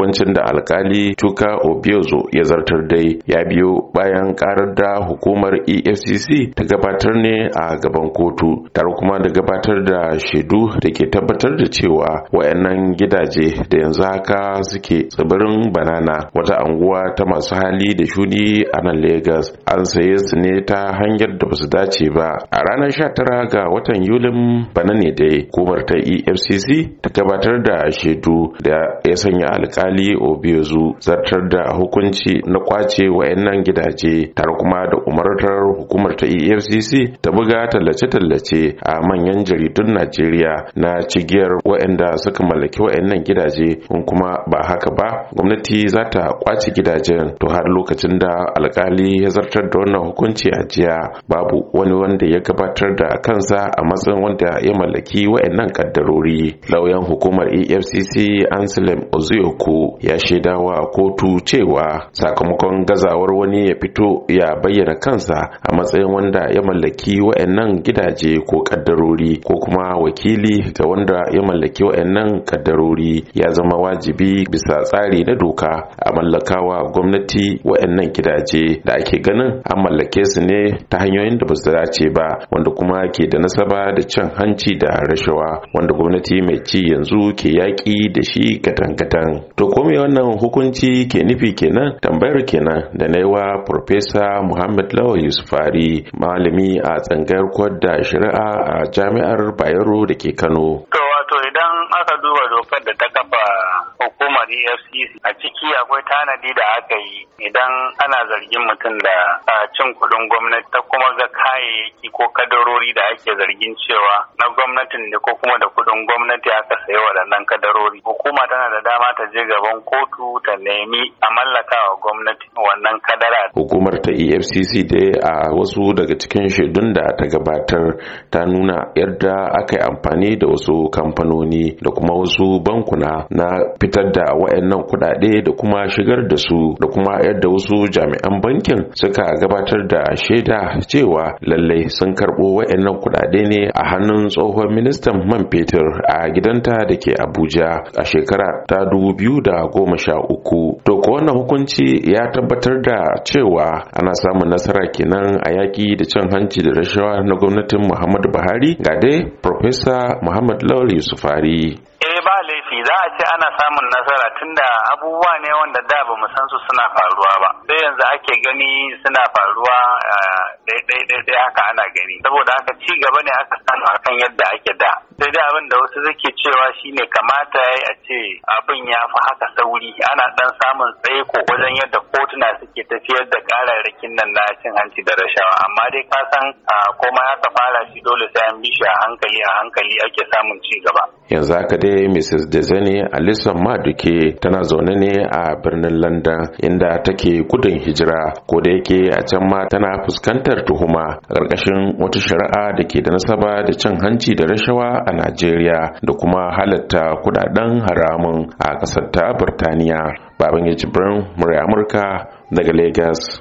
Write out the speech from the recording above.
hukuncin da alkali tuka obiozo ya zartar dai ya biyo bayan karar da hukumar efcc ta gabatar ne a gaban kotu tare kuma da gabatar da shaidu da ke tabbatar da cewa wayannan gidaje da yanzu haka suke tsibirin banana wata anguwa ta masu hali da shuni a nan Legas an saye su ne ta hanyar da basu dace ba a ranar sha tara ga watan yulin bana ne dai hukumar ta efcc ta gabatar da shaidu da ya sanya alkali alkali obezu zartar da hukunci na kwace wayannan gidaje tare kuma da umartar hukumar ta efcc ta buga tallace-tallace a manyan jaridun najeriya na cigiyar waɗanda suka mallaki wayannan gidaje in kuma ba haka ba gwamnati za ta kwace gidajen to har lokacin da alkali ya zartar da wannan hukunci a jiya babu wani wanda ya gabatar da kansa a matsayin wanda ya mallaki wayannan kaddarori lauyan hukumar efcc anselm Ozioku ya shaidawa a kotu cewa sakamakon gazawar wani ya fito ya bayyana kansa a matsayin wanda ya mallaki wa'annan gidaje ko kaddarori ko kuma wakili ga wanda ya mallaki wa'annan kaddarori ya zama wajibi bisa tsari na doka a mallakawa gwamnati wa'annan gidaje da ake ganin an mallake su ne ta hanyoyin da ba su dace ba wanda kuma ke da nasaba da cin hanci da rashawa wanda gwamnati mai ci yanzu ke yaƙi da shi gadan-gadan. To me wannan hukunci ke nufi kenan tambayar kenan da na yi wa Profesa Muhammad Lawa Yusufari malami a tsangayar kwadda shari'a a jami'ar Bayero da ke Kano. To wato idan aka duba dokar da ta kafa EFCC a ciki akwai tanadi da aka yi idan ana zargin mutum da cin kuɗin gwamnati ta kuma ga kayayyaki ko kadarori da ake zargin cewa na gwamnatin ne ko kuma da kuɗin gwamnati aka sayi waɗannan kadarori hukuma tana da dama ta je gaban kotu ta nemi a mallaka wa gwamnati wannan kadara hukumar ta EFCC dai a wasu daga cikin shaidun da ta gabatar ta nuna yadda aka yi amfani da wasu kamfanoni da kuma wasu bankuna na fitar da wayannan kuɗaɗe da kuma shigar da su da kuma yadda wasu jami'an bankin suka gabatar da shaida cewa lallai sun karɓo wayannan kuɗaɗe ne a hannun tsohon ministan man fetur a gidanta da ke Abuja a shekara ta dubu biyu da goma sha uku. To ko wannan hukunci ya tabbatar da cewa ana samun nasara kenan a yaƙi da cin hanci da rashawa na gwamnatin Muhammadu Buhari ga dai Profesa Muhammad Lawal Yusufari. Eh ba za a ce ana samun nasara tunda abubuwa ne wanda da ba mu san su suna faruwa ba sai yanzu ake gani suna faruwa daidai haka ana gani saboda haka ci gaba ne aka samu akan yadda ake da sai dai abin da wasu suke cewa shine kamata ya a ce abin ya fi haka sauri ana ɗan samun tsaiko wajen yadda kotuna suke tafiyar da kararrakin nan na cin hanci da rashawa amma dai ka san komai aka fara shi dole sai an bi shi a hankali a hankali ake samun ci gaba yanzu haka dai Mrs. Dezani alison Maduke tana zaune ne a birnin landan inda take gudun hijira ko da yake a can ma tana fuskantar tuhuma ƙarƙashin wata shari'a da ke da nasaba da cin hanci da rashawa a najeriya da kuma halatta kudaden haramun a ƙasar ta birtaniya baban ya jibrin murai amurka daga lagos